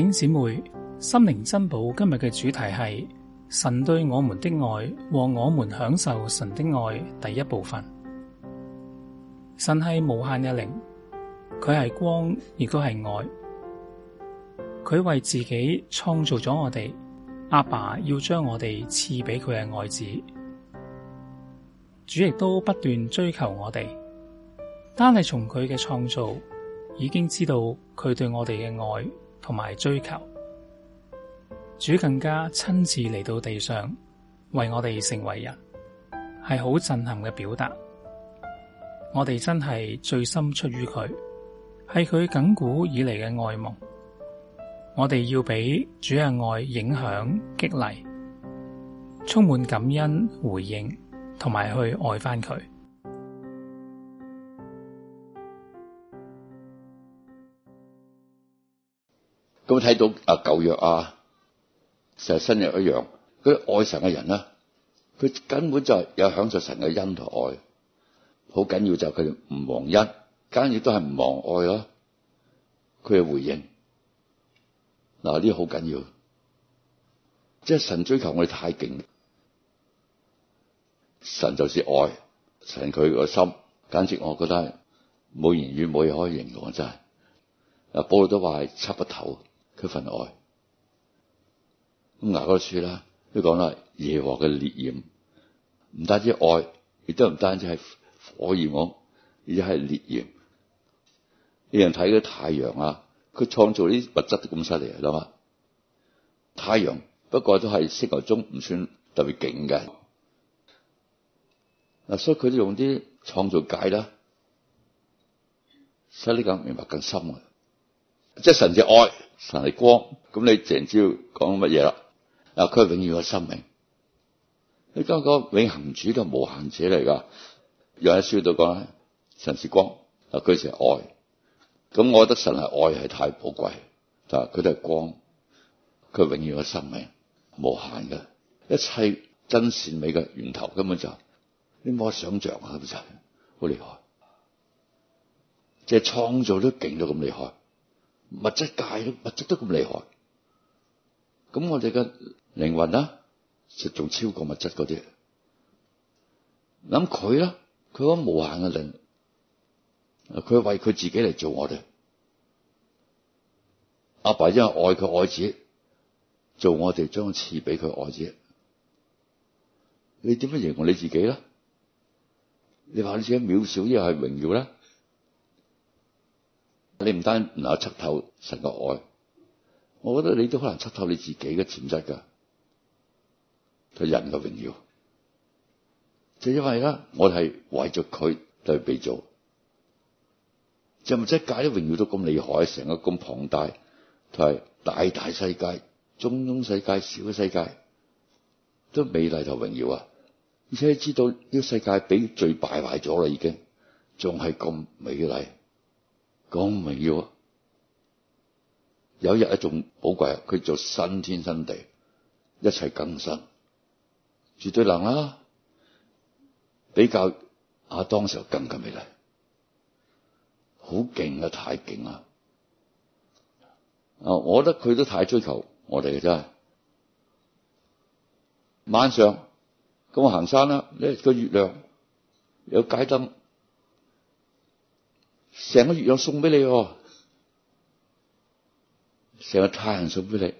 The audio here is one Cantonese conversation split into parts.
頂姊妹，心靈珍寶今日嘅主題係神對我們的愛和我們享受神的愛。第一部分，神係無限嘅靈，佢係光，亦都係愛。佢為自己創造咗我哋，阿爸，爸要將我哋賜俾佢嘅愛子，主亦都不斷追求我哋。單係從佢嘅創造，已經知道佢對我哋嘅愛。同埋追求，主更加親自嚟到地上為我哋成為人，係好震撼嘅表達。我哋真係最深出於佢，係佢亘古以嚟嘅愛夢。我哋要俾主嘅愛影響、激勵，充滿感恩回應，同埋去愛返佢。咁睇到啊舊約啊，成日新約一樣，佢啲愛神嘅人啊，佢根本就係有享受神嘅恩同愛，好緊要就係佢唔忘恩，緊要都係唔忘愛咯。佢嘅回應嗱呢好緊要，即係神追求我哋太勁，神就是愛，神佢個心簡直我覺得冇言語冇嘢可以形容啊！真係啊保羅都話係測不透。一份愛咁捱嗰處啦，佢講啦，耶和嘅烈焰唔單止愛，亦都唔單止係火焰喎，而係烈焰。啲人睇嗰太陽啊，佢創造啲物質咁犀利，啦嘛太陽不過都係星球中唔算特別勁嘅。嗱、啊，所以佢哋用啲創造解啦，所以你講明白更深嘅。即係神是愛，神係光，咁你自然知講乜嘢啦。嗱，佢係永遠嘅生命，你家個永恆主都無限者嚟噶。又喺書度講，神是光，佢就係愛，咁我覺得神係愛係太寶貴，但係佢係光，佢永遠嘅生命，無限嘅一切真善美嘅源頭根本就是、你冇可想象啊，就好厲害，即係創造都勁到咁厲害。物質界物質都物質都咁厲害，咁我哋嘅靈魂啦，仲超過物質嗰啲。諗佢啦，佢嗰無限嘅靈，佢為佢自己嚟做我哋。阿爸，爸因為愛佢愛子，做我哋將賜俾佢愛子。你點樣形容你自己咧？你話你自己渺小，抑係榮耀啦？你唔單唔能夠測透神嘅愛，我覺得你都可能測透你自己嘅潛質噶。佢人嘅榮耀，就因為啦，我係為着佢嚟被造，就唔使解釋榮耀都咁厲害，成個咁龐大，係大大世界、中庸世界、小嘅世界都美麗同榮耀啊！而且你知道呢個世界俾罪敗壞咗啦，已經仲係咁美麗。講唔明要，啊。有一日仲寶貴，佢做新天新地，一切更新，絕對能啦、啊，比較阿當時候更加美麗，好勁啊，太勁啦！啊，我覺得佢都太追求我哋嘅真係。晚上咁我行山啦，呢個月亮有街燈。成個月亮送俾你，成個太陽送俾你，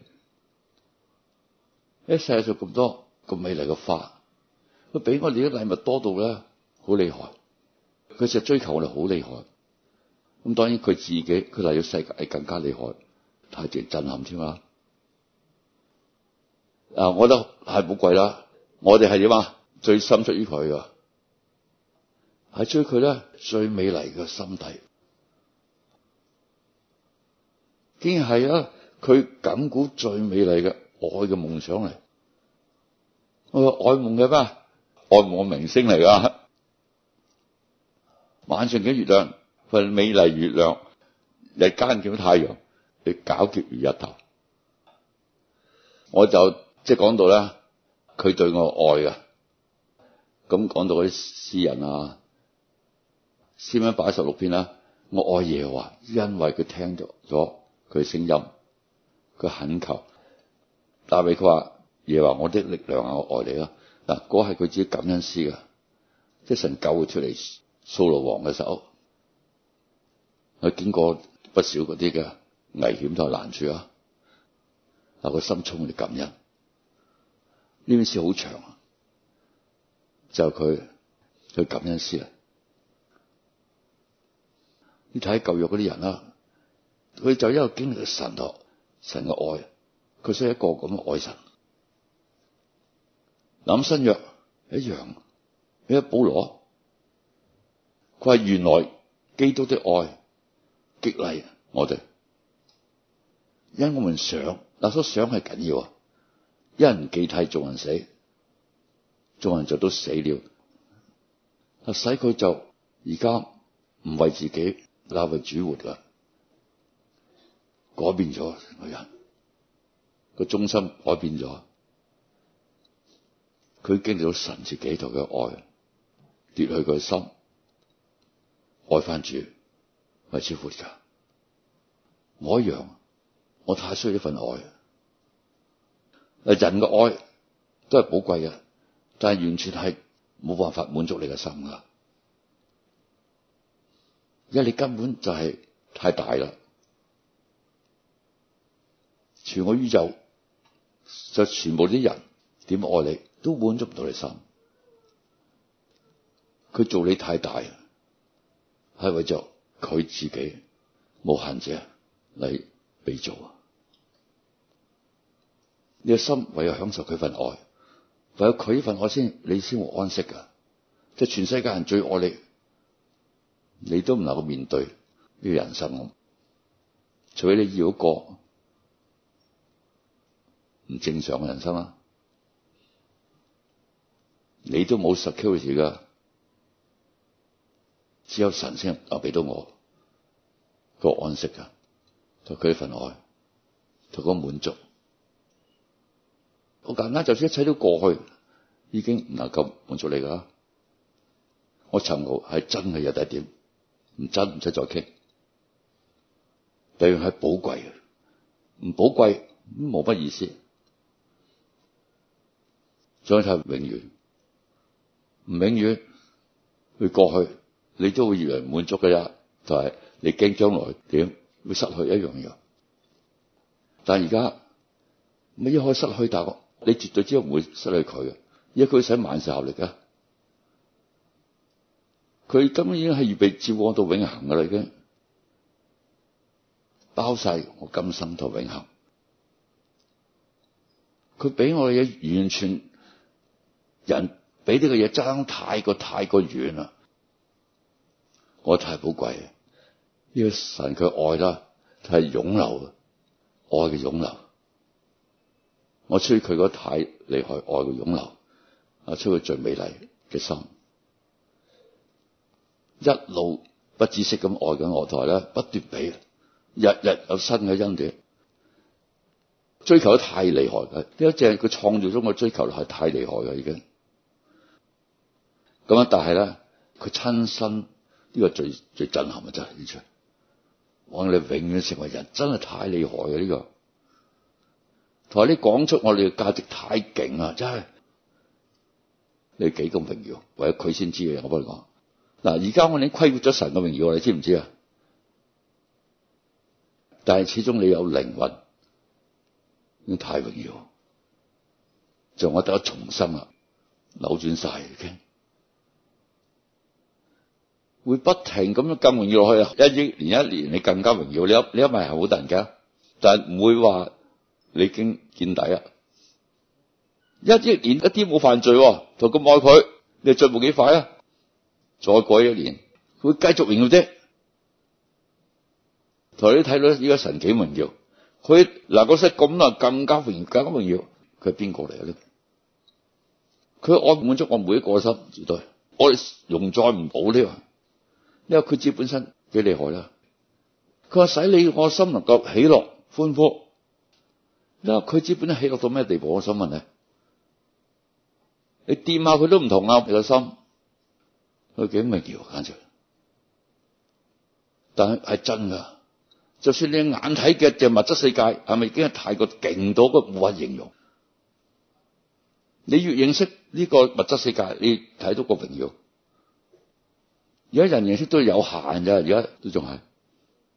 一、哎、世界上咁多咁美麗嘅花，佢俾我哋啲禮物多到咧，好厲害，佢成日追求我哋好厲害，咁、嗯、當然佢自己佢嚟到世界係更加厲害，太勁震撼添啦，啊，我覺得係寶貴啦，我哋係點啊？最深出於佢噶。係追佢咧最美麗嘅心底，竟然係啊！佢咁估最美麗嘅愛嘅夢想嚟，我愛夢嘅咩？愛夢，愛夢嘅明星嚟噶，晚上嘅月亮份美麗月亮，日間見到太陽，你皎潔如日頭。我就即係講到咧，佢對我愛啊！咁講到啲詩人啊。先咁擺十六篇啦。我愛耶和華，因為佢聽到咗佢聲音，佢懇求，答俾佢話，耶和華我的力量啊，我愛你咯。嗱，嗰係佢自己感恩詩噶，即神救佢出嚟，掃羅王嘅手，佢經過不少嗰啲嘅危險同難處啊，嗱、啊，佢心中嘅感恩，呢篇詩好長啊，就佢、是、佢感恩詩啊。你睇舊約嗰啲人啦，佢就一路經歷神嘅神嘅愛，佢係一個咁嘅愛神。諗新約一樣，你睇保羅，佢話原來基督的愛激勵我哋，因為我們想嗱，嗰想係緊要，一人既替眾人死，眾人就都死了，使佢就而家唔為自己。拉佢主活啦，改變咗個人，個中心改變咗，佢經歷咗神自己度嘅愛，跌去個心，愛翻主，為主活㗎。我一樣，我太需要一份愛。誒，人嘅愛都係寶貴嘅，但係完全係冇辦法滿足你嘅心噶。因為你根本就係太大啦，全個宇宙就全部啲人點愛你都滿足唔到你心，佢做你太大啦，係為着佢自己無限者嚟被做。你嘅心唯有享受佢份愛，唯有佢份愛先，你先會安息㗎。即係全世界人最愛你。你都唔能夠面對呢個人生咁，除非你要一個唔正常嘅人生啦。你都冇 security 噶，只有神先留俾到我個安息噶，同佢份愛，同個滿足。我簡單，就算一切都過去，已經唔能夠滿足你噶。我陳豪係真係有第一點？唔真唔使再傾，第二樣係寶貴嘅，唔寶貴冇乜意思。最好係永遠，唔永遠，去過去你都會以為唔滿足嘅啫。就係、是、你驚將來點會失去一樣嘢。但而家你一開始失去，大係你絕對之後唔會失去佢嘅，因為佢使萬事效力嘅。佢根本已經係預備接我到永恒噶啦，已經包晒我今生到永恒。佢俾我嘅嘢，完全人俾呢個嘢爭太過太過遠啦，我太寶貴。呢、這個神佢愛啦，係湧流，愛嘅湧流。我出佢嗰太厲害愛嘅湧流啊，我出佢最美麗嘅心。一路不知息咁愛緊我。台咧，不斷俾，日日有新嘅恩典，追求得太厲害嘅，呢一隻佢創造中嘅追求係太厲害嘅已經。咁啊，但係咧，佢親身呢、這個最最震撼嘅就係呢出，我哋永遠成為人真係太厲害嘅呢、這個。同埋你講出我哋嘅價值太勁啊，真係你幾咁榮耀，唯有佢先知嘅，我幫你講。嗱，而家我已經虧欠咗神嘅榮耀，你知唔知啊？但係始終你有靈魂，太榮耀，就我得重生啦，扭轉晒已經，會不停咁樣咁榮耀落去，一億年一年你更加榮耀，你一你一咪係好突然噶，但唔會話你已經見底啊！一億年一啲冇犯罪，就咁愛佢，你進步幾快啊？再過一年，會繼續榮耀啫。同你睇到依家神幾榮耀，佢嗱嗰時咁難，更加榮更加榮耀。佢係邊個嚟嘅咧？佢愛滿足我每一個心，絕對愛容載唔到呢。因為佢自己本身幾厲害啦。佢話使你個心能夠喜樂歡呼。因為佢自己本身喜樂到咩地步？我想問你，你掂下佢都唔同啊，個心。佢幾微妙？但係係真噶。就算你眼睇嘅只物質世界，係咪已經係太過勁到個無法形容？你越認識呢個物質世界，你睇到個榮耀。而家人認識都有限㗎？而家都仲係。